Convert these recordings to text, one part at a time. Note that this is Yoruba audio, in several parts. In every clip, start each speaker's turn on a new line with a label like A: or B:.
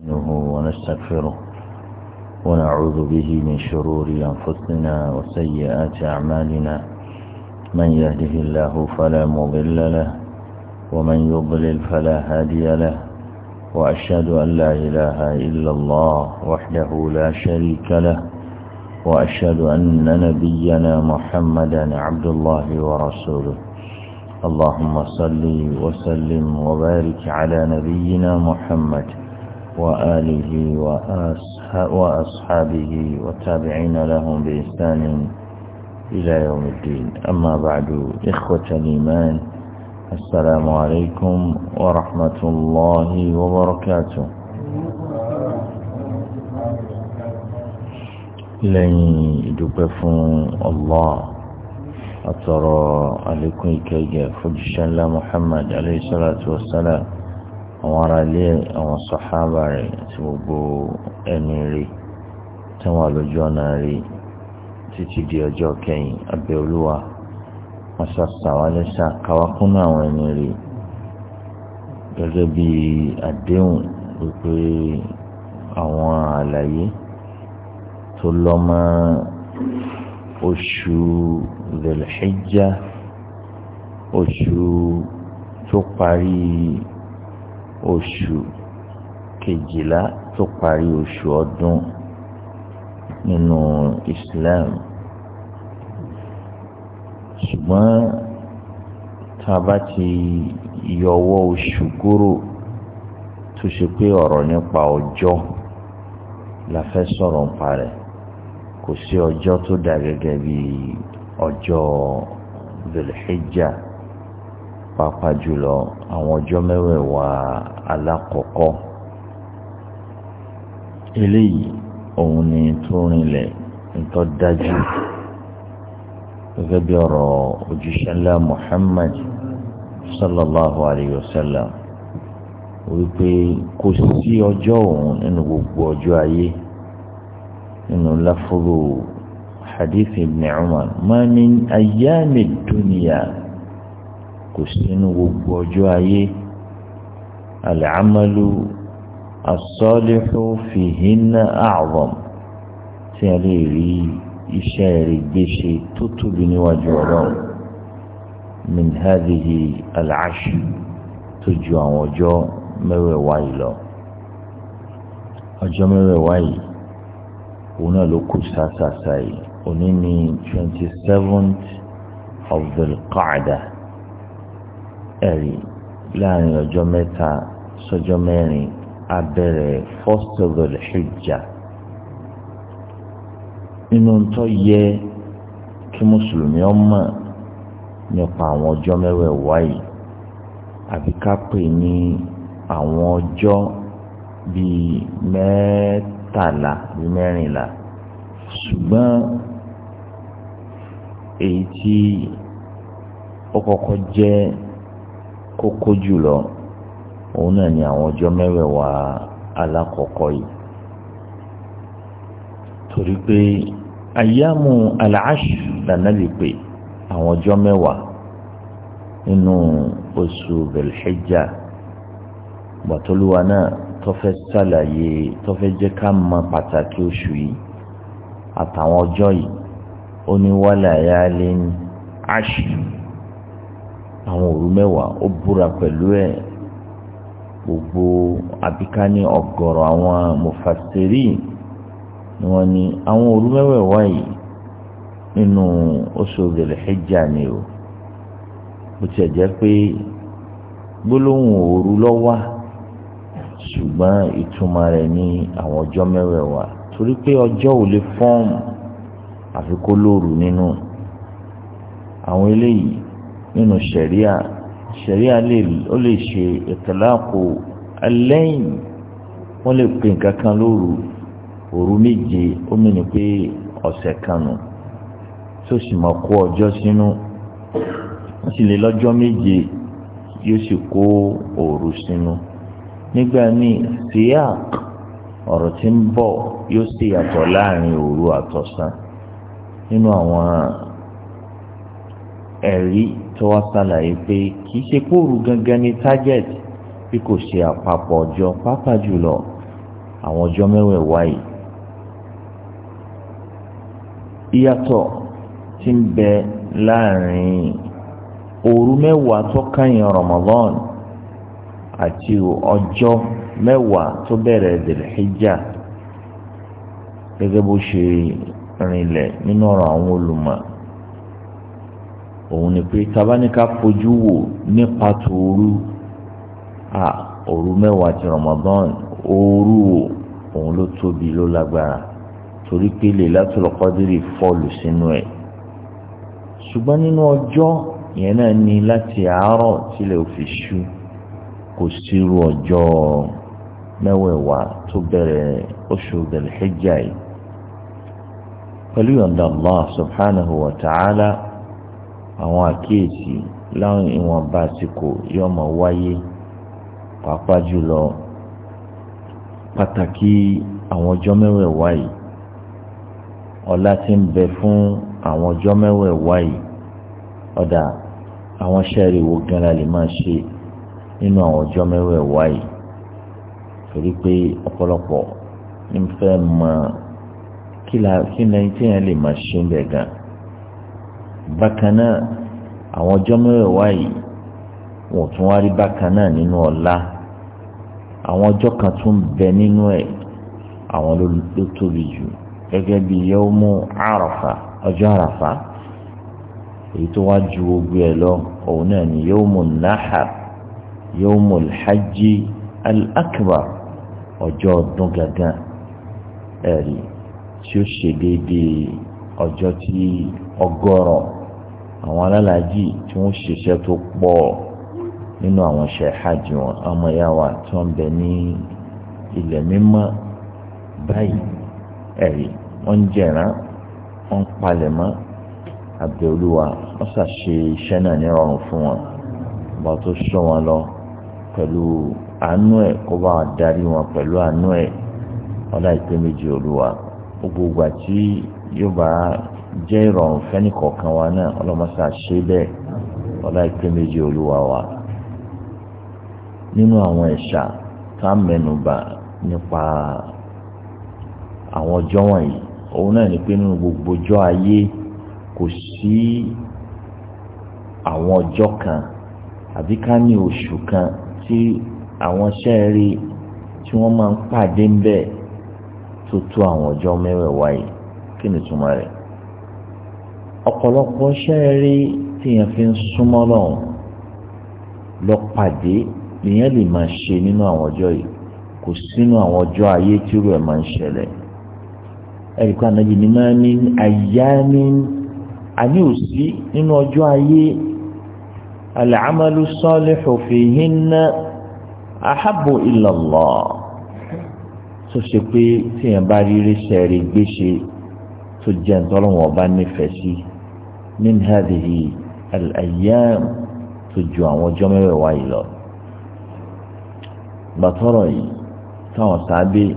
A: نستعينه ونستغفره ونعوذ به من شرور أنفسنا وسيئات أعمالنا من يهده الله فلا مضل له ومن يضلل فلا هادي له وأشهد أن لا إله إلا الله وحده لا شريك له وأشهد أن نبينا محمدا عبد الله ورسوله اللهم صل وسلم وبارك على نبينا محمد وآله وأصحابه والتابعين لهم بإحسان إلى يوم الدين أما بعد إخوة الإيمان السلام عليكم ورحمة الله وبركاته لن يدبفون الله أترى عليكم كي يفجشا محمد عليه الصلاة والسلام àwọn ará ilé àwọn sọ̀hábà rẹ̀ àti gbogbo ẹni rẹ̀ tí wọ́n lójú ọ̀nà rẹ̀ títí di ọjọ́ kẹyìn abẹ́ olúwa wọ́n ṣàṣàwálẹ́sà káwákúnú àwọn ẹni rẹ̀ gẹ́gẹ́ bí àdéhùn wípé àwọn àlàyé tó lọ́mọ oṣù Dhul oṣù tó parí oṣù kejìlá tó parí oṣù ọdún nínú Islam ṣùgbọ́n tá a bá ti yọwọ́ oṣù kúrò tó ṣe pé ọ̀rọ̀ nípa ọjọ́ la fẹ́ sọ̀rọ̀ nípa rẹ̀ kò sí ọjọ́ tó dà gẹ́gẹ́ bí ọjọ́ Dhul pàápàá jùlọ àwọn ọjọ́ mẹ́wẹ̀ẹ̀wá alákọ̀ọ́kọ́ eléyìí òun ni tó rinlẹ̀ ntọ́ dájú gẹ́gẹ́ bí ọ̀rọ̀ òjíṣẹ́ ńlá Muhammad sallallahu alayhi wa sallam wípé kò sí ọjọ́ òun nínú gbogbo ọjọ́ ayé nínú láfúrú hadith ibn Umar ma min ayyami dunya kò sínú gbogbo ọjọ́ ayé al-amalu as-salihu fihinna a'zam tí a lè rí iṣẹ́ rẹ̀ gbéṣe tó tóbi níwájú ọlọ́run min hadhihi al-ashr tó ju àwọn ọjọ́ mẹ́wẹ̀ẹ̀wá yìí lọ ọjọ́ mẹ́wẹ̀ẹ̀wá yìí òun náà ló kù sáàsáàsáà yìí òní ni twenty seventh of the qaada ẹ̀rí láàrin ọjọ́ mẹ́ta sọ́jọ́ mẹ́rin abẹ́rẹ́ first of the hijja nínú tó yẹ kí mùsùlùmí ọmọ nípa àwọn ọjọ́ mẹ́wẹ̀ẹ̀wá yìí àbí ká pè ní àwọn ọjọ́ bíi mẹ́tàlá bíi mẹ́rìnlá ṣùgbọ́n èyí tí ó kọ́kọ́ jẹ́ kókó jùlọ òun náà ni àwọn ọjọ́ mẹ́wẹ̀ẹ̀wá alákọ̀ọ́kọ́ yìí torí pé àyàmú aláàṣù lànàbì pé àwọn ọjọ́ mẹ́wàá nínú oṣù belhijja gbàtọ́lúwa náà tọ́fẹ́ sàlàyé tọ́fẹ́ jẹ́ ká mọ̀ pàtàkì oṣù yìí àtàwọn ọjọ́ yìí ó ní wàlàyé alẹ́ ní àṣù àwọn òru mẹ́wàá ó búra pẹ̀lú ẹ̀ gbogbo àbíká ní ọ̀gọ̀rọ̀ àwọn mufasiri ni wọ́n ní àwọn òru mẹ́wàá yìí nínú oṣù rẹ̀ hijja ni o bó tiẹ̀ jẹ́ pé gbólóhùn òru lọ́wọ́ ṣùgbọ́n ìtumọ̀ rẹ̀ ní àwọn ọjọ́ mẹ́wàá torí pé ọjọ́ ò lè fọ́ọ̀mù àfikún lóru nínú àwọn eléyìí nínú ṣẹ̀ríà ṣẹ̀ríà lè ó lè ṣe ìtàlákò alẹ́yìn wọ́n lè pè nǹkan lóru òru méje ó mìíní pé ọ̀sẹ̀ kan nù tó sì mọ̀ kó ọjọ́ sínú wọ́n sì lè lọ́jọ́ méje yóò sì kó òru sínú nígbà míì síyàk ọ̀rọ̀ tí ń bọ̀ yóò sì yàtọ̀ láàrin òru àtọ̀sán nínú àwọn ẹ̀rí tó wá ṣàlàyé pé kì í ṣe kóòrù gangan ní target bí kò ṣe àpapọ̀ ọjọ́ pàápàá jùlọ àwọn ọjọ́ mẹ́wẹ̀ẹ̀wá yìí. ìyàtọ̀ ti ń bẹ láàrin òru mẹ́wàá tó kàyìn Ramadan àti ọjọ́ mẹ́wàá tó bẹ̀rẹ̀ dèlèhíjà gẹ́gẹ́ bó ṣe rinlẹ̀ nínú ọ̀rọ̀ àwọn olùmọ̀ òun ni pé tabaníkà fojú wò nípa tòru à òru mẹ́wàá ti Ramadan òru wò òun ló tóbi ló lágbára torí pé Lailatul Qadri fọ́ọ̀lù sínú ẹ̀ ṣùgbọ́n nínú ọjọ́ ìyẹn náà ni láti àárọ̀ tílẹ̀ ò kò sírú ọjọ́ mẹ́wẹ̀ẹ̀wá tó bẹ̀rẹ̀ oṣù Dhul yìí pẹ̀lú yọ̀ǹda Allah subhanahu wa ta'ala àwọn àkíyèsí láwọn ìwọ̀nba àsìkò yóò máa wáyé pàápàá jùlọ pàtàkì àwọn ọjọ́ mẹ́wẹ̀ẹ̀wá yìí ọlá tí ń bẹ fún àwọn ọjọ́ mẹ́wẹ̀ẹ̀wá yìí ọ̀dà àwọn sẹ́ẹ̀rì wo gan lè máa ṣe nínú àwọn ọjọ́ mẹ́wẹ̀ẹ̀wá yìí torí pé ọ̀pọ̀lọpọ̀ ń fẹ́ mọ kí ni ẹni tí yẹn lè máa ṣe ń bẹ̀ gan-an bákan náà àwọn ọjọ́ mẹ́wàá yìí wọn ò tún wá rí bákan náà nínú ọ̀la àwọn ọjọ́ kan tún bẹ nínú ẹ̀ àwọn ló tóbi jù gẹ́gẹ́ bí yẹ́wọ́mú àràfà ọjọ́ àràfà èyí tó wá ju gbogbo ẹ̀ lọ òun náà ni yẹ́wọ́mú nahar yẹ́wọ́mú alhaji al-akbar ọjọ́ ọdún gangan ẹ̀rí tí ó ṣe déédéé ọjọ́ tí ọgọ́rọ̀ àwọn alálàájì tí wọ́n ṣiṣẹ́ tó pọ̀ nínú àwọn ṣe hajj wọn ọmọ ìyá wa tí wọ́n bẹ ní ilẹ̀ mímọ́ báyìí ẹ̀rí wọ́n ń jẹ̀rán wọ́n ń palẹ̀mọ́ àbẹ̀olúwa wọ́n ṣàṣe iṣẹ́ náà ní ọrùn fún wọn ọba tó sọ wọn lọ pẹ̀lú àánú ẹ̀ kó bá darí wọn pẹ̀lú àánú ẹ̀ ọlá ìpè méjì olúwa gbogbo àti yóò bá jẹ́ ìrọ̀rùn fẹ́ni kọ̀ọ̀kan wa náà ọlọ́mọṣà ṣe bẹ́ẹ̀ ọlá ìpè méjì olúwa wa nínú àwọn ẹ̀ṣà tá a mẹ́nubà nípa àwọn ọjọ́ wọ̀nyí òun náà ni pé nínú gbogbo ọjọ́ ayé kò sí àwọn ọjọ́ kan àbí ká ní oṣù kan tí àwọn sẹ́ẹ̀rí tí wọ́n máa ń pàdé ń bẹ̀ tó tó àwọn ọjọ́ mẹ́wẹ̀ẹ̀wá yìí kí ni túmọ̀ rẹ̀ ọ̀pọ̀lọpọ̀ sẹ́ẹ̀rí tíyẹn fi ń súnmọ́ lọ́hùn lọ pàdé lèyẹn lè máa ṣe nínú àwọn ọjọ́ yìí kò sínú àwọn ọjọ́ ayé tí irú ẹ̀ máa ń ṣẹlẹ̀ ẹ̀rí kan ànájì ni máa ní àyá ní àní òsí nínú ọjọ́ ayé al-amalu salihu fihinna ahabbu ila Allah tó ṣe pé tíyẹn bá rí rí sẹ́ẹ̀rí gbéṣe tó jẹ́ ntọ́lọ́wọ́n ọba nífẹ̀ẹ́ sí min hadhihi al-ayyam tó ju àwọn ọjọ́ mẹ́wẹ̀ẹ́wá yìí lọ. gbàtọ́rọ̀ yìí táwọn sábẹ́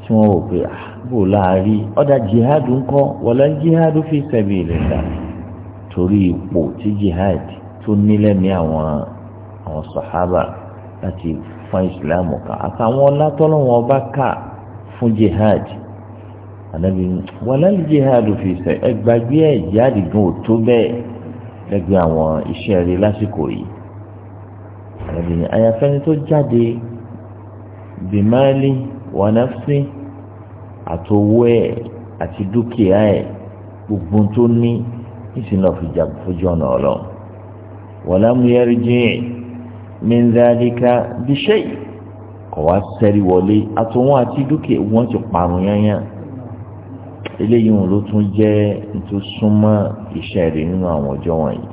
A: tí wọ́n wò pé ah, bò láàárí ọ̀dà jihadu ńkọ́ wala jihadu fi sabilillah torí ipò tí jihad tó nílẹ̀ ní àwọn àwọn sàhábà láti fún ìsìlámù ká àtàwọn ọlá tọ́lọ́wọ́n ọba ká fún jihad ànábi wàlálì jihadu fi sẹ ẹgbàgbé ẹ jáde gan òtó bẹ́ẹ̀ lẹ́gbẹ̀ẹ́ àwọn iṣẹ́ rẹ̀ lásìkò yìí ànábi ni àyàfẹni tó jáde bimali wanafsi, àtòwó ẹ àti dúkìá ẹ gbogbo tó ní ìsìn lọ fi jà fojú ọ̀nà ọ̀lọ́ wàlámù yẹri jìn mẹ́ńdáríkà bíṣẹ́ kọ̀ wá sẹ́rí wọlé àtòwọ́n àti dúkìá wọn ti parun yányán eléyìí wọn ló tún jẹ́ tó súnmọ́ iṣẹ́ rẹ̀ nínú àwọn ọjọ́ wọ̀nyí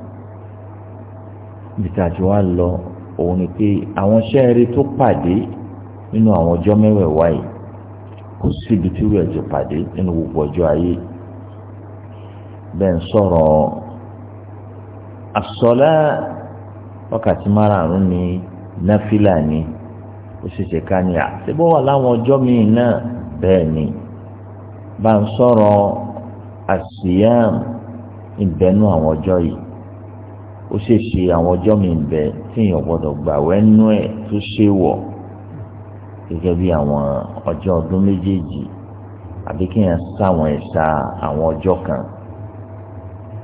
A: bìtà tí wàá lọ òun ni pé àwọn iṣẹ́ rẹ̀ tó pàdé nínú àwọn ọjọ́ mẹ́wẹ̀ẹ̀wá yìí kò síbi tí rẹ̀ ti pàdé nínú gbogbo ọjọ́ ayé bẹ́ẹ̀ ń sọ̀rọ̀ àsọlá wákàtí márààrún ni náfìlà ni ó sì ká ní àtibọ́wà láwọn ọjọ́ míì náà bẹ́ẹ̀ ni bá ń sọ̀rọ̀ àṣìyàm ìbẹ́nu àwọn ọjọ́ yìí ó ṣe ṣe àwọn ọjọ́ mi ń bẹ tí èèyàn gbọ́dọ̀ gbà wẹ́nu ẹ̀ tó ṣe wọ̀ gẹ́gẹ́ bí àwọn ọjọ́ ọdún méjèèjì àbí kí èèyàn sáwọn ẹ̀ṣà àwọn ọjọ́ kan.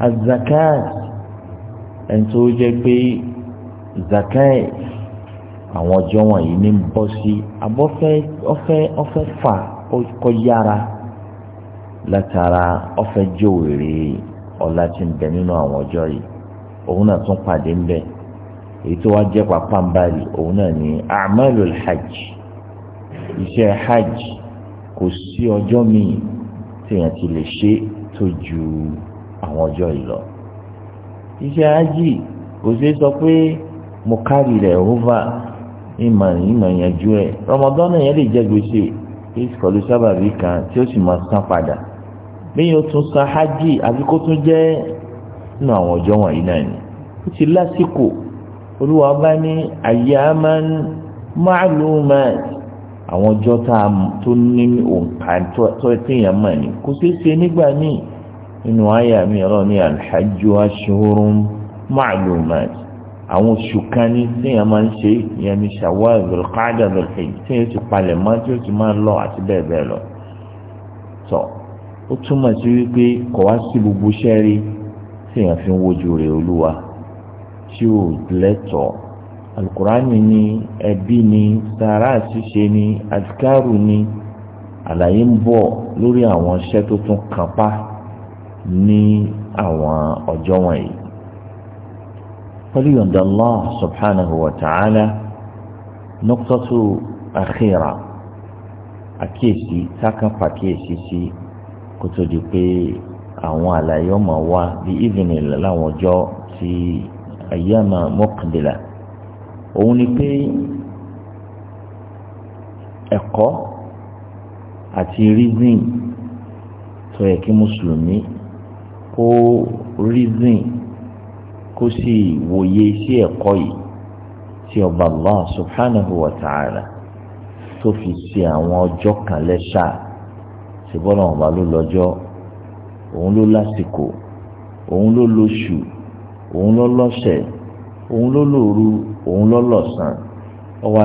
A: azakat ẹni tó jẹ́ pé zakat àwọn ọjọ́ wọ̀nyí ní bọ́ sí abọ́fẹ́ ọfẹ́ ọfẹ́ fà kọ yára látara ọfẹ jòwèrè ọlá tí ń bẹ nínú àwọn ọjọ́ yìí òun náà tún pàdé ń bẹ èyí tó wá jẹ pàpà ń báyìí òun náà ní amalul hajj iṣẹ́ hajj kò sí ọjọ́ míì téèyàn ti lè ṣe tó ju àwọn ọjọ́ yìí lọ iṣẹ́ hajj kò ṣeé sọ pé mo kárì rẹ̀ over ìmọ̀ ìmọ̀ ìyànjú ẹ̀ rọmọdọ́nà yẹn lè jẹ́ gbèsè kí kọlu sábàbí kan tí ó sì máa san padà lẹ́yìn ó tún san hajj àbí kó tún jẹ́ nínú àwọn ọjọ́ wọ̀nyí náà ni ó ti lásìkò olúwa bá ní ayyaman ma'lumat àwọn ọjọ́ tá a tó ní òǹkà tó téèyàn mọ̀ ni kò ṣeé ṣe nígbà míì nínú àyà mi ọ̀rọ̀ ní alhajju ashhurun ma'lumat àwọn oṣù kan ní téèyàn máa ń ṣe ìyẹn ní shawwal zulqaada zulhijja téèyàn ti palẹ̀ mọ́ tí ó ti máa lọ àti bẹ́ẹ̀ bẹ́ẹ̀ lọ. So, ó túmọ̀ sí wípé kọ̀ wá sí gbogbo sẹ́rí tí èèyàn fi ń wojú rẹ̀ olúwa tí ò lẹ́tọ̀ọ́ alukurani ni ẹbí ni sàárà ṣíṣe ni adikaru ni àlàyé ń bọ̀ lórí àwọn iṣẹ́ tó tún kápá ní àwọn ọjọ́ wọ̀nyí. pẹ̀lú yọ̀ǹda Allah subhanahu wa ta'ala nuqtatu akhira àkíyèsí tákàn pàkíyèsí sí kó tó di pé àwọn àlàyé ọmọ wa bí ìvìnì láwọn ọjọ́ ti ayyama mọ́kàndínlá òun ni pé ẹ̀kọ́ àti reason tó yẹ kí mùsùlùmí kó reason kó sì wòye sí ẹ̀kọ́ yìí tí ọba allah subhanahu wa ta'ala tó fi ṣe àwọn ọjọ́ kan lẹ́ṣáà ṣùgbọ́n àwọn ọba ló lọ́jọ́ òun ló lásìkò òun ló lóṣù òun ló lọ́sẹ̀ òun ló lóru òun ló lọ́sàn ó wá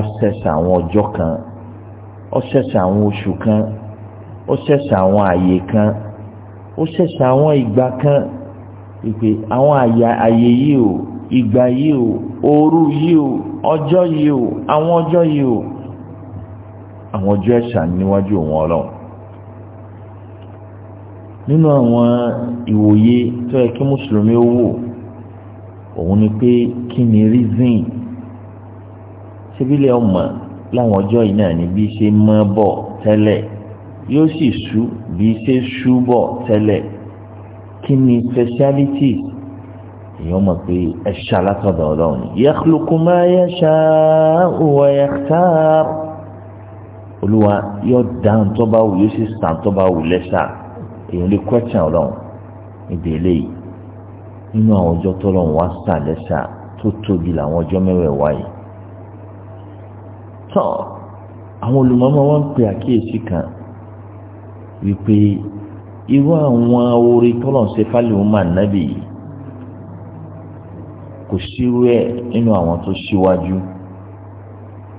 A: àwọn ọjọ́ kan ó àwọn oṣù kan ó àwọn àyè kan ó àwọn ìgbà kan ìpè àwọn àyè yìí o ìgbà yìí o òru yìí o ọjọ́ yìí o àwọn ọjọ́ yìí o àwọn ọjọ́ ẹ̀ṣà níwájú òun ọlọ́run nínú àwọn ìwòye tó yẹ kí mùsùlùmí ó wò òun ni pé kí ni reason síbílẹ̀ ọmọ láwọn ọjọ́ yìí náà ni bí ṣe mọ́ bọ̀ tẹ́lẹ̀ yóò sì ṣú bí ṣe ṣú bọ̀ tẹ́lẹ̀ kí ni speciality èèyàn mọ̀ pé ẹ ṣá látọ̀dọ̀ ọlọ́run yakhluqu ma yasha'u wa olúwa yóò dáhùn tó bá wù yóò sì sàn tó bá wù lẹ́sàá èèyàn lè question ọlọ́run ìdè eléyìí nínú àwọn ọjọ́ tọ́lọ́run wá sà lẹ́sà tó tóbi làwọn ọjọ́ mẹ́wẹ̀ẹ̀wá yìí. tán àwọn olùmọ́mọ́ wọn ń pe àkíyèsí kan wípé irú àwọn orí tọ́lọ́run ṣe fálíwò máa nábì yìí kò sírú ẹ̀ nínú àwọn tó síwájú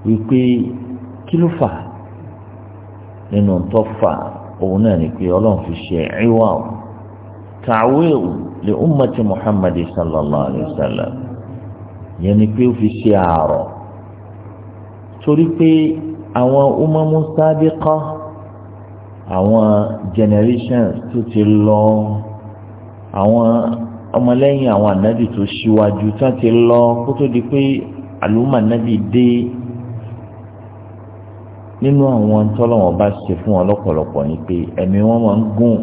A: wípé kí ló fà nínú tó fà á òun náà ni pé ọlọ́run fi ṣe ẹ̀wà o ta'wi'u li ummati muhammad sallallahu alayhi wa sallam yẹn ni pé ó fi ṣe àárọ̀ torí pé àwọn umamu sabiqa àwọn generations tó ti lọ àwọn ọmọlẹ́yìn àwọn ànábì tó ṣíwájú tó ti lọ kó tó di pé àlùmọ̀ ànábì dé nínú àwọn tọ́lọ́wọ́n bá ṣe fún wọn lọ́pọ̀lọpọ̀ ni pé ẹ̀mí wọn máa ń gùn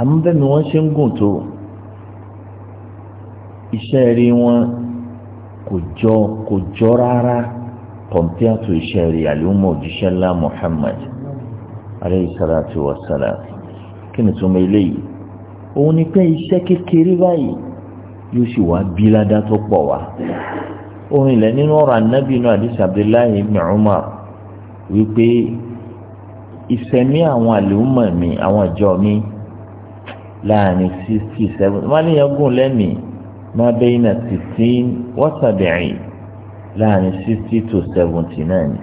A: àmọ́ bẹ́ẹ̀ ni wọ́n ṣe ń gùn tó iṣẹ́ rí wọn kò jọ kò jọ rárá kọ̀m̀pẹ́à iṣẹ́ rí àlùmọ̀ òjíṣẹ́ ńlá Muhammad aleyhi salatu wa salam kí ni tó mọ eléyìí òun ni pé iṣẹ́ kékeré báyìí yóò sì wá bí ládàá tó pọ̀ wá ohun ilẹ̀ nínú ọ̀rọ̀ anábì inú àdìsí abdullahi ibn umar wípé ìsẹ̀mí àwọn àlùmọ̀ mi àwọn ìjọ mi láàrin sixty seven wọ́n níyàn gùn lẹ́mí máa bẹ́yìn náà sixteen wọ́sàbẹ̀rin láàrin sixty to seventy nine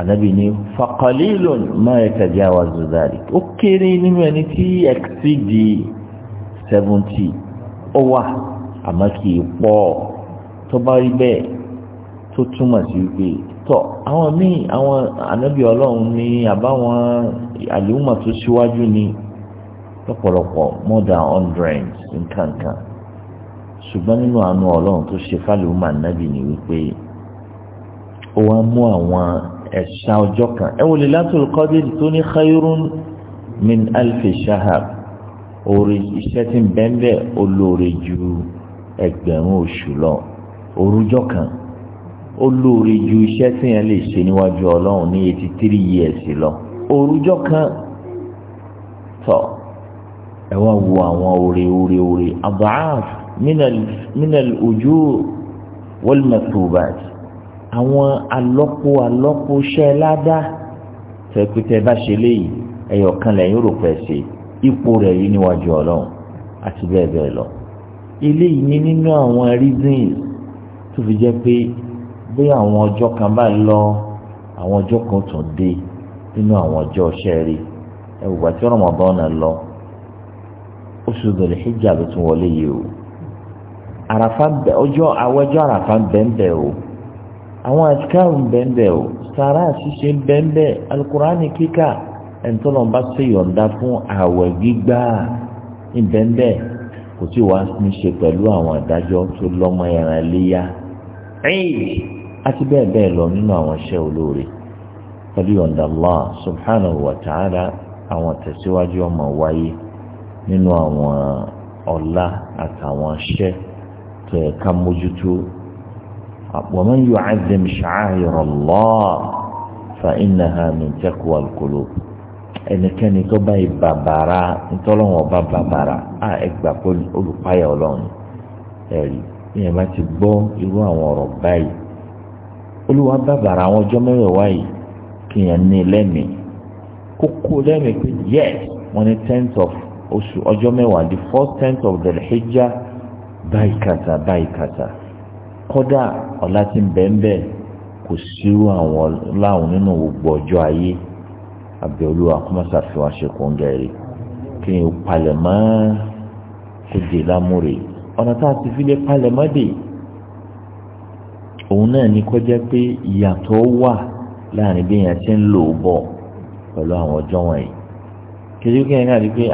A: anábì ní faqalilun ma yatajawazu dhalik ó kéré nínú ẹni tí exceed seventy ó wà àmọ́ kì í pọ̀ tó bá rí bẹ́ẹ̀ tó túmọ̀ sí wípé tọ́ àwọn míì àwọn ànábì ọlọ́run ní àbáwọn àlèhùnmọ̀ tó síwájú ní lọ́pọ̀lọpọ̀ more than hundred nkankan ṣùgbọ́n nínú àánú ọlọ́run tó ṣe fàlèhùnmọ̀ ànábì ní wípé ó wá mú àwọn ẹ̀ṣá ọjọ́ kan ẹ wò lè látòlù kọ́dìrì tó ní khayrun min alfi orí iṣẹ́ tí ń bẹ́ńbẹ́ olóore ju ẹgbẹ̀rún oṣù lọ òrùjọ́ kan ó lóore ju iṣẹ́ tí yẹn lè ṣe níwájú ọlọ́run ní eighty three years lọ òrùjọ́ kan tọ̀ ẹ wá wo àwọn oore oore oore abdulhaf minal ojú wọlmẹtòbàt àwọn alọ́pò alọ́pò ṣẹ́ ládá tẹ̀pẹ̀tẹ̀ bá ṣe léyìí ẹ̀yọ̀ kan lẹ́yìn rò ṣe ipò rẹ̀ yìí níwájú ọlọ́run àti bẹ́ẹ̀ bẹ́ẹ̀ lọ eléyìí ní nínú àwọn reasons tó fi jẹ́ pé bí àwọn ọjọ́ kan bá lọ àwọn ọjọ́ kan tún dé nínú àwọn ọjọ́ ṣẹ́ẹ̀rì ẹ wò wá tí Ramadan náà lọ oṣù Dhul Hijja ló tún wọlé yìí o àràfà bẹ ọjọ́ àwọn àràfà bẹ́ẹ̀ o àwọn àtikáàrù bẹ́ẹ̀ o sàrà ṣíṣe bẹ́ẹ̀ alukurani kíkà ẹ̀ńtọ́lọ́mbà ṣe yọ̀ǹda fún àwẹ̀ gbígbà bẹ́ẹ̀ kò tí wàá ní ṣe pẹ̀lú àwọn àdájọ́ tó lọ́mọ ẹran léyà ẹ̀yìn àti bẹ́ẹ̀ bẹ́ẹ̀ lọ nínú àwọn iṣẹ́ olóore pẹ̀lú yọ̀ǹda Allah subhanahu wa ta'ala àwọn tẹ̀síwájú ọmọ wáyé nínú àwọn ọlá àtàwọn iṣẹ́ tó yẹ ká mójútó wa man yu'azzim sha'a'ira Allah fa innaha min taqwa al-qulub ẹnikẹ́ni tó bá yìí bàbàrà ntọ́lọ́wọ́n bá bàbàrà á ẹgbàá pé olùpáyà ọlọ́run ẹ̀rí ìyẹn bá ti gbọ́ irú àwọn ọ̀rọ̀ báyìí olúwa bàbàrà àwọn ọjọ́ mẹ́wẹ̀ẹ̀wá yìí kìyàn ní lẹ́mìí kókó lẹ́mìí pé yes wọ́n ní tenth of oṣù ọjọ́ mẹ́wàá the first tenth of delhijja báyìí kàtà báyìí kàtà kódà ọ̀la ti ń bẹ́ẹ̀ kò sírú àwọn láwọn nínú gbogbo ọjọ́ ayé àbẹ̀ olúwa kó má ṣàfihàn ṣe kó kí n palẹ̀ mọ́ kó dé lámúrè ọ̀nà tá a ti fi lè palẹ̀ mọ́dé òun náà ní kọjá pé ìyàtọ̀ wà láàrin bí èèyàn ṣe ń lò ó bọ̀ pẹ̀lú àwọn ọjọ́ wọ̀nyí kejì kí ẹ̀yìn náà rí pé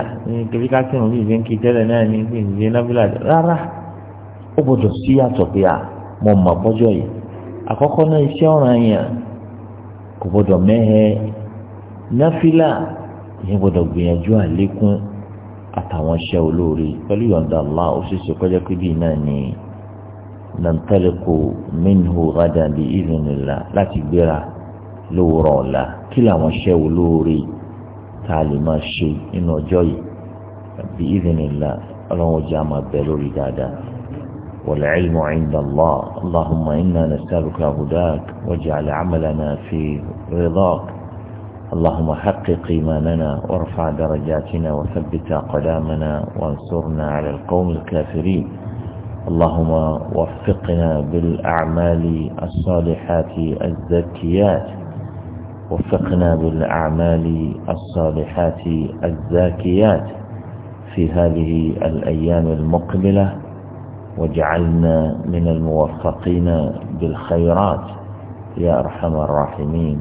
A: kejì ká sẹ́wọ̀n bí ìgbẹ́ǹkì tẹ́lẹ̀ náà ní pé ìdílé nábìlà rárá ó gbọdọ̀ sí yàtọ̀ pé à mọ̀ mọ̀ bọ́jọ́ yìí àkọ́kọ́ náà iṣẹ́ ọ̀ràn yẹn kò gbọdọ̀ mẹ́hẹ́ náfìlà ìyẹn gbọdọ̀ gbìyànjú àlékún àtàwọn iṣẹ́ olóore pẹ̀lú yọ̀ǹda Allah ó sì ṣe kọjá pé bíi náà ni nàntẹ́lẹ̀kọ minhu ghadan bi idhnillah láti gbéra lówùrọ̀ ọ̀la kí làwọn iṣẹ́ olóore tá a lè máa ṣe nínú ọjọ́ yìí bi idhnillah ọlọ́run ọjà máa bẹ̀ lórí dáadáa. والعلم عند الله اللهم إنا نسألك هداك واجعل عملنا في رضاك اللهم حقق إيماننا وارفع درجاتنا وثبت أقدامنا وانصرنا على القوم الكافرين اللهم وفقنا بالأعمال الصالحات الزكيات وفقنا بالأعمال الصالحات الزاكيات في هذه الأيام المقبلة واجعلنا من الموفقين بالخيرات يا أرحم الراحمين